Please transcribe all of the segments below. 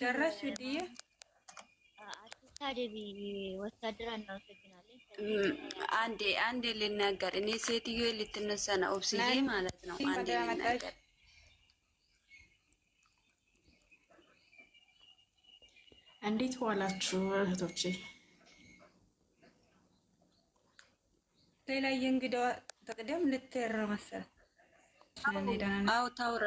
ጨረስሽ ውድዬ? አትሳደቢ አንዴ አንዴ ልናገር። እኔ ሴትዮ ልትነሳ ነው ኦብስዬ ማለት ነው። አንዴ ልናገር እንዴት ዋላችሁ እህቶቼ? ሌላ የእንግዳዋ ተቅደም መሰለኝ። አዎ ታውራ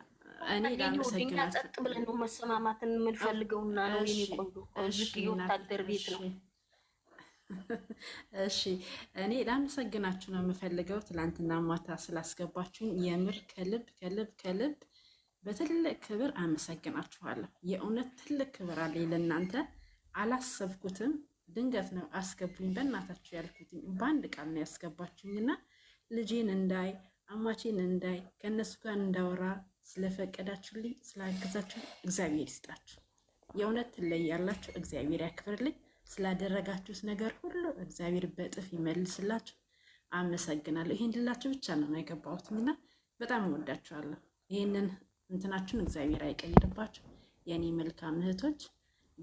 እኛ ጸጥ ብለን ነው መሰማማትን የምንፈልገውና ነው የሚቆዩ ወታደር ቤት ነው። እሺ እኔ ላመሰግናችሁ ነው የምፈልገው። ትላንትና ማታ ስላስገባችሁኝ የምር ከልብ ከልብ ከልብ በትልቅ ክብር አመሰግናችኋለሁ። የእውነት ትልቅ ክብር አለኝ ለእናንተ። አላሰብኩትም። ድንገት ነው አስገቡኝ በእናታችሁ ያልኩትኝ። በአንድ ቃል ነው ያስገባችሁኝና ልጄን እንዳይ አማቼን እንዳይ ከእነሱ ጋር እንዳወራ ስለፈቀዳችሁልኝ ስላገዛችሁ እግዚአብሔር ይስጣችሁ። የእውነት ትለያላችሁ። እግዚአብሔር ያክብርልኝ። ስላደረጋችሁት ነገር ሁሉ እግዚአብሔር በጥፍ ይመልስላችሁ። አመሰግናለሁ። ይሄን ልላችሁ ብቻ ነው የገባሁትና በጣም እወዳችኋለሁ። ይህንን እንትናችሁን እግዚአብሔር አይቀይርባችሁ። የእኔ መልካም እህቶች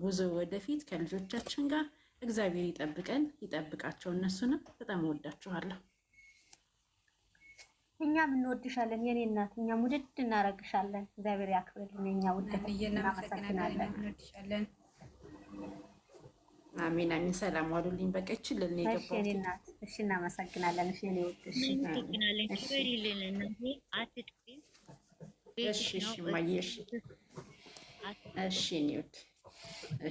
ጉዞ ወደፊት ከልጆቻችን ጋር እግዚአብሔር ይጠብቀን፣ ይጠብቃቸው እነሱንም። በጣም እወዳችኋለሁ። እኛም እንወድሻለን የኔ እናት፣ እኛም ውድድ እናረግሻለን። እግዚአብሔር ያክብርልን። እኛ ውድ እናመሰግናለን። ሰላም ዋሉልኝ። በቀች ልን ናት። እሺ፣ እናመሰግናለን። እሺ፣ እኔ ውድ እሺ፣ እሺ፣ ማየሽ እሺ፣ እኔ ውድ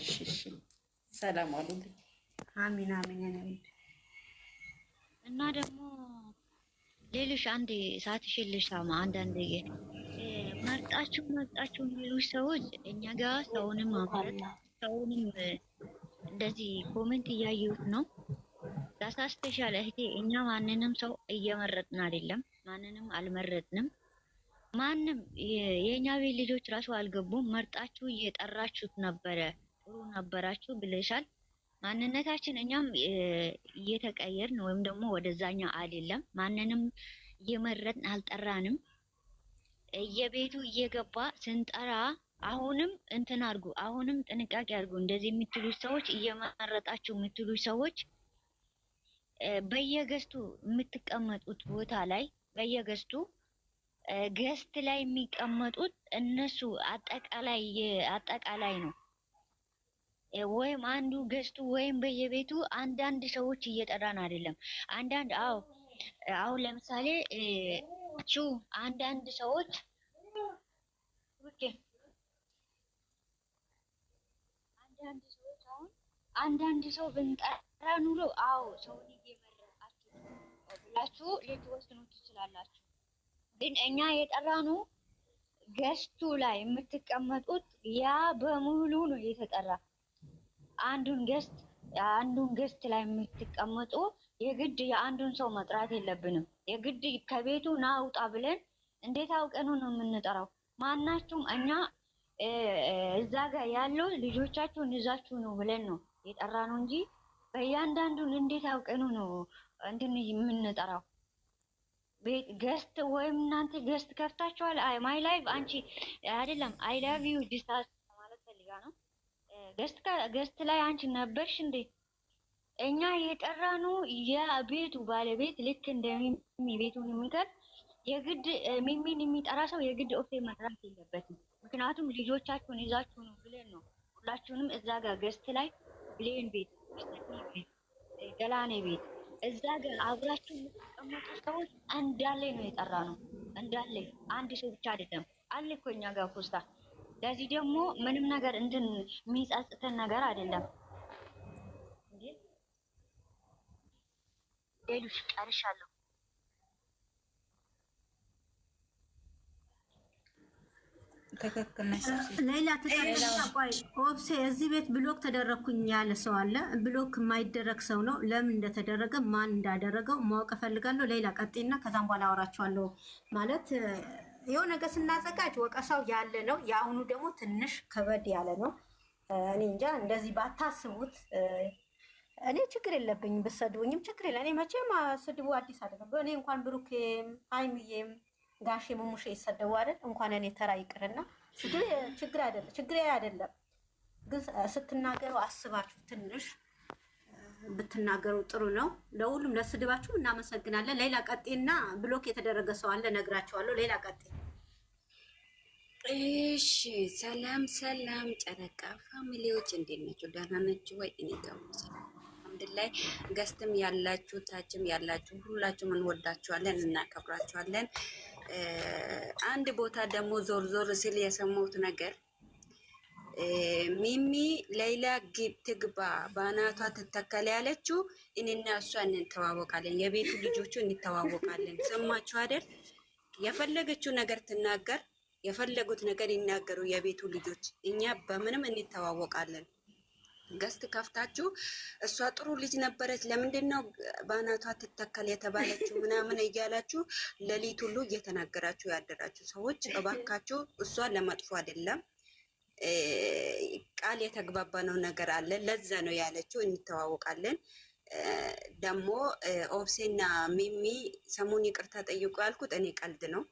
እሺ፣ እሺ፣ ሰላም ዋሉልኝ። እኔ ውድ እና ደግሞ ሌሎች አንድ ሰዓትሽ ልሻማ አንዳንድ መርጣችሁ መርጣችሁ የሚሉች ሰዎች እኛ ጋር ሰውንም ማምረት ሰውንም እንደዚህ ኮሜንት እያየሁት ነው። ተሳስተሻል እህቴ። እኛ ማንንም ሰው እየመረጥን አይደለም፣ ማንንም አልመረጥንም። ማንም የእኛ ቤት ልጆች ራሱ አልገቡም። መርጣችሁ እየጠራችሁት ነበረ፣ ጥሩ ነበራችሁ ብለሻል። ማንነታችን እኛም እየተቀየርን ወይም ደግሞ ወደዛኛው አይደለም። ማንንም እየመረጥን አልጠራንም። እየቤቱ እየገባ ስንጠራ አሁንም እንትን አድርጉ፣ አሁንም ጥንቃቄ አድርጉ። እንደዚህ የምትሉ ሰዎች እየመረጣችሁ የምትሉ ሰዎች በየገዝቱ የምትቀመጡት ቦታ ላይ በየገዝቱ ገስት ላይ የሚቀመጡት እነሱ አጠቃላይ አጠቃላይ ነው። ወይም አንዱ ገዝቱ ወይም በየቤቱ አንዳንድ ሰዎች እየጠራን አይደለም። አንዳንድ አዎ፣ አሁን ለምሳሌ ቹ አንዳንድ ሰዎች ኦኬ፣ አንዳንድ ሰዎች አሁን አንዳንድ ሰው ብንጠራ ኑሮ አዎ፣ ሰውን እየመረጣችሁ ብላችሁ ልትወስኑ ትችላላችሁ። ግን እኛ የጠራኑ ገዝቱ ላይ የምትቀመጡት ያ በሙሉ ነው የተጠራ አንዱን ገስት አንዱን ገስት ላይ የምትቀመጡ የግድ የአንዱን ሰው መጥራት የለብንም። የግድ ከቤቱ ና ብለን እንዴት አውቀኑ ነው የምንጠራው? ማናችሁም እኛ እዛ ጋር ያለው ልጆቻችሁን ይዛችሁ ነው ብለን ነው የጠራ ነው እንጂ በእያንዳንዱን እንዴት አውቀኑ ነው እንትን የምንጠራው? ቤት ገስት ወይም እናንተ ገስት ከፍታችኋል። ማይ ላይቭ አንቺ አይደለም አይ ላቭ ዩ ዲስታንስ ማለት ፈልጋ ነው ገስት ላይ አንቺ ነበርሽ እንዴ? እኛ የጠራነው የቤቱ ባለቤት ልክ እንደ ሚሚ ቤቱን የሚቀር የግድ ሚሚን የሚጠራ ሰው የግድ ኦፌ መራት የለበትም። ምክንያቱም ልጆቻችሁን ይዛችሁ ነው ብለን ነው ሁላችሁንም እዛ ጋር ገስት ላይ ብሌን ቤት፣ ገላኔ ቤት እዛ ጋር አብራችሁ የምትቀመጡ ሰዎች እንዳለ ነው የጠራ ነው። እንዳለ አንድ ሰው ብቻ አይደለም አለ እኮ እኛ ጋር ኮስታ ለዚህ ደግሞ ምንም ነገር እንትን የሚጸጽተን ነገር አይደለም። ሌሎች ጨርሻለሁ። ሌላ ተቆይ እዚህ ቤት ብሎክ ተደረግኩኝ ያለ ሰው አለ። ብሎክ የማይደረግ ሰው ነው። ለምን እንደተደረገ ማን እንዳደረገው ማወቅ እፈልጋለሁ። ሌላ ቀጤና ከዛም በኋላ አወራቸዋለሁ ማለት የሆነ ነገር ስናዘጋጅ ወቀሳው ያለ ነው። የአሁኑ ደግሞ ትንሽ ከበድ ያለ ነው። እኔ እንጃ እንደዚህ ባታስቡት። እኔ ችግር የለብኝም ብሰድቡኝም ችግር የለ። እኔ መቼም ስድቡ አዲስ አይደለም። እኔ እንኳን ብሩኬም አይምዬም ጋሼ ሙሙሼ ይሰደቡ አይደል? እንኳን እኔ ተራ ይቅርና ችግር አይደለም ችግር አይደለም። ግን ስትናገሩ አስባችሁ ትንሽ ብትናገሩ ጥሩ ነው። ለሁሉም ለስድባችሁ እናመሰግናለን። ሌላ ቀጤና ብሎክ የተደረገ ሰው አለ፣ ነግራቸዋለሁ። ሌላ ቀጤ እሺ ሰላም ሰላም፣ ጨረቃ ፋሚሊዎች እንዴት ናችሁ? ደህና ናችሁ ወይ? እኔ ጋር አልሐምዱሊላህ። ገስትም ያላችሁ ታችም ያላችሁ ሁላችሁም እንወዳችኋለን፣ እናከብራችኋለን። አንድ ቦታ ደግሞ ዞር ዞር ስል የሰማሁት ነገር ሚሚ ሌላ ግብ ትግባ በአናቷ ትተከል ያለችው እኔና እሷ እንተዋወቃለን፣ የቤቱ ልጆቹ እንተዋወቃለን። ሰማችሁ አይደል? የፈለገችው ነገር ትናገር የፈለጉት ነገር ይናገሩ። የቤቱ ልጆች እኛ በምንም እንተዋወቃለን። ገስት ከፍታችሁ እሷ ጥሩ ልጅ ነበረች፣ ለምንድን ነው በአናቷ ትተከል የተባለችው ምናምን እያላችሁ ሌሊት ሁሉ እየተናገራችሁ ያደራችሁ ሰዎች እባካችሁ፣ እሷ ለመጥፎ አይደለም ቃል የተግባባነው ነገር አለ። ለዛ ነው ያለችው፣ እንተዋወቃለን። ደግሞ ኦብሴና ሚሚ ሰሞኑን ይቅርታ ጠይቁ ያልኩት እኔ ቀልድ ነው።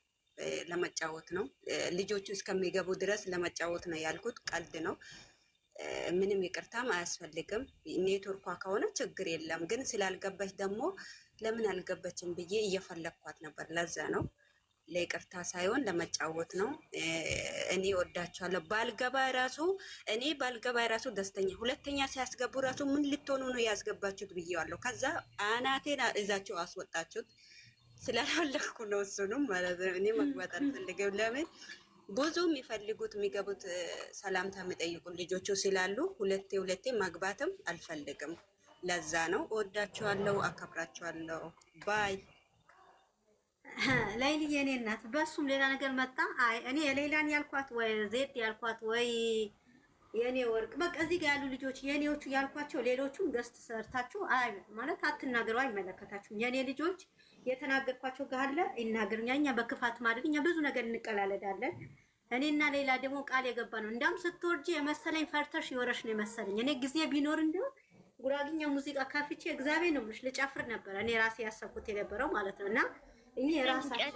ለመጫወት ነው። ልጆቹ እስከሚገቡ ድረስ ለመጫወት ነው ያልኩት። ቀልድ ነው። ምንም ይቅርታም አያስፈልግም። ኔትወርኳ ከሆነ ችግር የለም። ግን ስላልገባች ደግሞ ለምን አልገባችም ብዬ እየፈለግኳት ነበር። ለዛ ነው ለይቅርታ ሳይሆን ለመጫወት ነው። እኔ ወዳችኋለሁ። ባልገባ ራሱ እኔ ባልገባ ራሱ ደስተኛ ሁለተኛ ሲያስገቡ ራሱ ምን ልትሆኑ ነው ያስገባችሁት ብዬዋለሁ። ከዛ አናቴን እዛቸው አስወጣችሁት። ስላላለኩ ነው። እሱንም ማለት ነው እኔ መግባት አልፈልገም። ለምን ብዙ የሚፈልጉት የሚገቡት ሰላምታ የሚጠይቁ ልጆቹ ስላሉ ሁለቴ ሁለቴ መግባትም አልፈልግም። ለዛ ነው። እወዳቸዋለሁ፣ አከብራቸዋለሁ። ባይ ላይል የኔ እናት። በሱም ሌላ ነገር መጣ። አይ እኔ የሌላን ያልኳት ወይ ዜድ ያልኳት ወይ የኔ ወርቅ በቃ እዚህ ጋር ያሉ ልጆች የኔዎቹ ያልኳቸው ሌሎቹም ገስት ሰርታችሁ አይ ማለት አትናገሩ፣ አይመለከታችሁም የኔ ልጆች የተናገርኳቸው ካለ ይናገሩኛ። እኛ በክፋት ማድረግ እኛ ብዙ ነገር እንቀላለዳለን። እኔና ሌላ ደግሞ ቃል የገባ ነው። እንዳውም ስትወርጂ የመሰለኝ ፈርተሽ ይወረሽ ነው የመሰለኝ። እኔ ጊዜ ቢኖር እንዲሁ ጉራግኛ ሙዚቃ ከፍቼ እግዚአብሔር ነው ብለሽ ልጨፍር ነበረ። እኔ ራሴ ያሰብኩት የነበረው ማለት ነው እና እኔ ራሳችን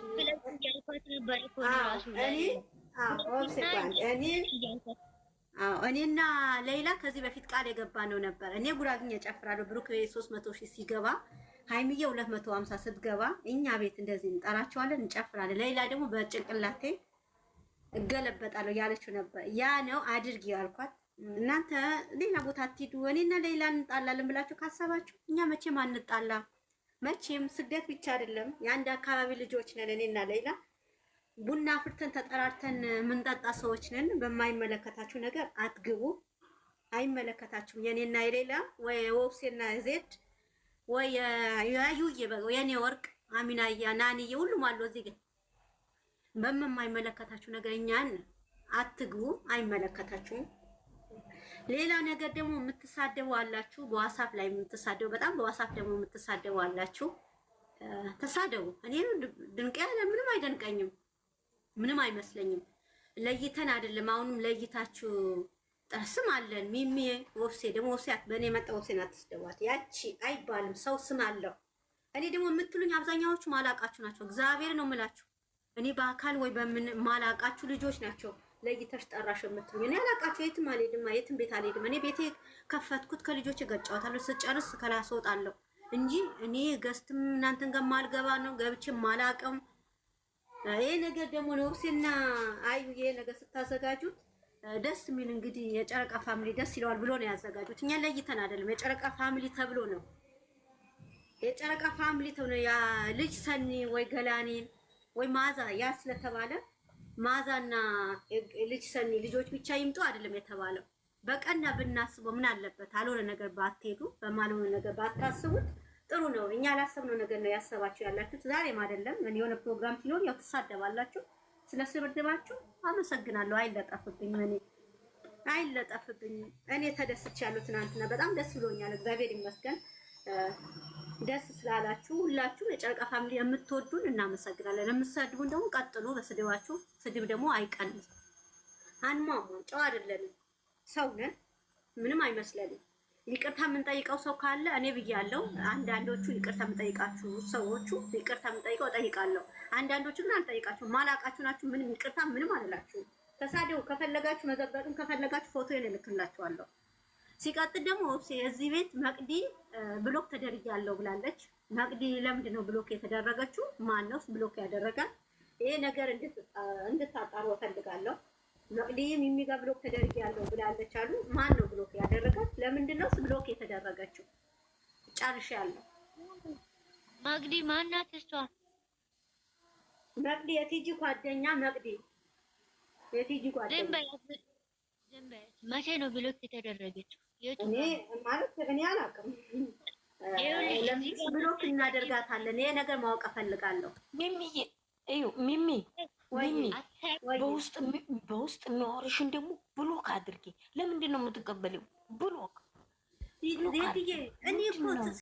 እኔና ሌላ ከዚህ በፊት ቃል የገባ ነው ነበር። እኔ ጉራግኛ ጨፍራለሁ ብሩክ ሶስት መቶ ሺህ ሲገባ ሀይሚዬ ሁለት መቶ ስትገባ እኛ ቤት እንደዚህ እንጠራቸዋለን፣ እንጨፍራለን። ሌላ ደግሞ በጭንቅላቴ እገለበጣለሁ ያለችው ነበር። ያ ነው አድርጊ ያልኳት። እናንተ ሌላ ቦታ አትሂዱ፣ እኔና ሌላ እንጣላለን ብላችሁ ካሰባችሁ እኛ መቼም አንጣላ። መቼም ስደት ብቻ አይደለም፣ የአንድ አካባቢ ልጆች ነን። እኔና ሌላ ቡና አፍርተን ተጠራርተን የምንጠጣ ሰዎች ነን። በማይመለከታችሁ ነገር አትግቡ፣ አይመለከታችሁም። የኔና የሌላ ወይ ወብሴና ዜድ ወይ ያዩዬ የኔ ወርቅ አሚናያ ናንዬ ሁሉም አሉ እዚህ ግን በምማይመለከታችሁ ነገር እኛን አትግቡ፣ አይመለከታችሁም። ሌላ ነገር ደግሞ የምትሳደቡ አላችሁ፣ በዋሳፍ ላይ የምትሳደቡ በጣም በዋሳፍ ደግሞ የምትሳደቡ አላችሁ። ተሳደቡ። እኔ ድንቅ ያለ ምንም አይደንቀኝም፣ ምንም አይመስለኝም። ለይተን አይደለም አሁንም ለይታችሁ ስም አለን ሚሚ ወፍሴ ደግሞ ወፍሴ በእኔ መጣ ናት አትስደዋት። ያቺ አይባልም ሰው ስም አለው። እኔ ደግሞ የምትሉኝ አብዛኛዎቹ ማላቃችሁ ናቸው። እግዚአብሔር ነው የምላችሁ። እኔ በአካል ወይ በምን ማላቃችሁ ልጆች ናቸው ለይተሽ ጠራሽ የምትሉኝ። እኔ አላቃችሁ። የትም አልሄድም፣ የትም ቤት አልሄድም። እኔ ቤቴ ከፈትኩት ከልጆች ገጫወታለሁ፣ ስጨርስ ከላስ እወጣለሁ እንጂ እኔ ገስትም እናንተን ጋር ማልገባ ነው ገብቼ ማላቀም። ይሄ ነገር ደግሞ ነው ወፍሴና አዩ ይሄ ነገር ስታዘጋጁት ደስ የሚል እንግዲህ የጨረቃ ፋሚሊ ደስ ይለዋል ብሎ ነው ያዘጋጁት። እኛ ለይተን አይደለም፣ የጨረቃ ፋሚሊ ተብሎ ነው የጨረቃ ፋሚሊ ተብሎ ያ ልጅ ሰኒ ወይ ገላኒ ወይ ማዛ ያ ስለተባለ ማዛና ልጅ ሰኒ ልጆች ብቻ ይምጡ አይደለም የተባለው። በቀና ብናስበው ምን አለበት? አልሆነ ነገር ባትሄዱ፣ በማልሆነ ነገር ባታስቡት ጥሩ ነው። እኛ ላሰብነው ነገር ነው ያሰባችሁ ያላችሁት። ዛሬም አይደለም የሆነ ፕሮግራም ሲኖር ያው ትሳደባላችሁ ስለስብድባችሁ አመሰግናለሁ። አይለጠፍብኝ እኔ አይለጠፍብኝ እኔ ተደስቻለሁ። ትናንትና በጣም ደስ ብሎኛል። እግዚአብሔር ይመስገን። ደስ ስላላችሁ ሁላችሁም የጨረቃ ፋሚሊ የምትወዱን እናመሰግናለን። የምትሰድቡን ደግሞ ቀጥሎ በስድባችሁ። ስድብ ደግሞ አይቀንስ። አንሟሟን ጨው አይደለንም፣ ሰው ነን። ምንም አይመስለንም። ይቅርታ የምንጠይቀው ሰው ካለ እኔ ብያለሁ። አንዳንዶቹ ይቅርታ የምንጠይቃችሁ ሰዎቹ ይቅርታ የምንጠይቀው እጠይቃለሁ አንዳንዶቹ ግን አልጠይቃችሁ ማላቃችሁ ናችሁ። ምንም ይቅርታ ምንም አልላችሁም። ተሳደው ከፈለጋችሁ መዘበጡን ከፈለጋችሁ ፎቶ እልክላችኋለሁ። ሲቀጥል ደግሞ የዚህ ቤት መቅዲ ብሎክ ተደርጊያለሁ ብላለች። መቅዲ ለምንድን ነው ብሎክ የተደረገችው? ማነውስ ብሎክ ያደረጋል? ይሄ ነገር እንድታጣሩ እፈልጋለሁ። መቅዲም የሚጋ ብሎክ ተደርጊያለሁ ብላለች አሉ። ማን ነው ብሎክ ያደረጋት? ለምንድን ነው ብሎክ የተደረገችው? ጨርሻለሁ። መቅዲ ማናት እሷ? መቅዲ የቲጂ ጓደኛ መቅዲ የቲጂ ጓደኛ መቼ ነው ብሎክ የተደረገችው? እኔ ማለት እኔ አላውቅም። ብሎክ እናደርጋታለን። ይሄ ነገር ማወቅ እፈልጋለሁ። ሚሚ ሚሚ በውስጥ ደግሞ ብሎክ አድርጌ ለምንድን ነው የምትቀበለው? ብሎክ እኔ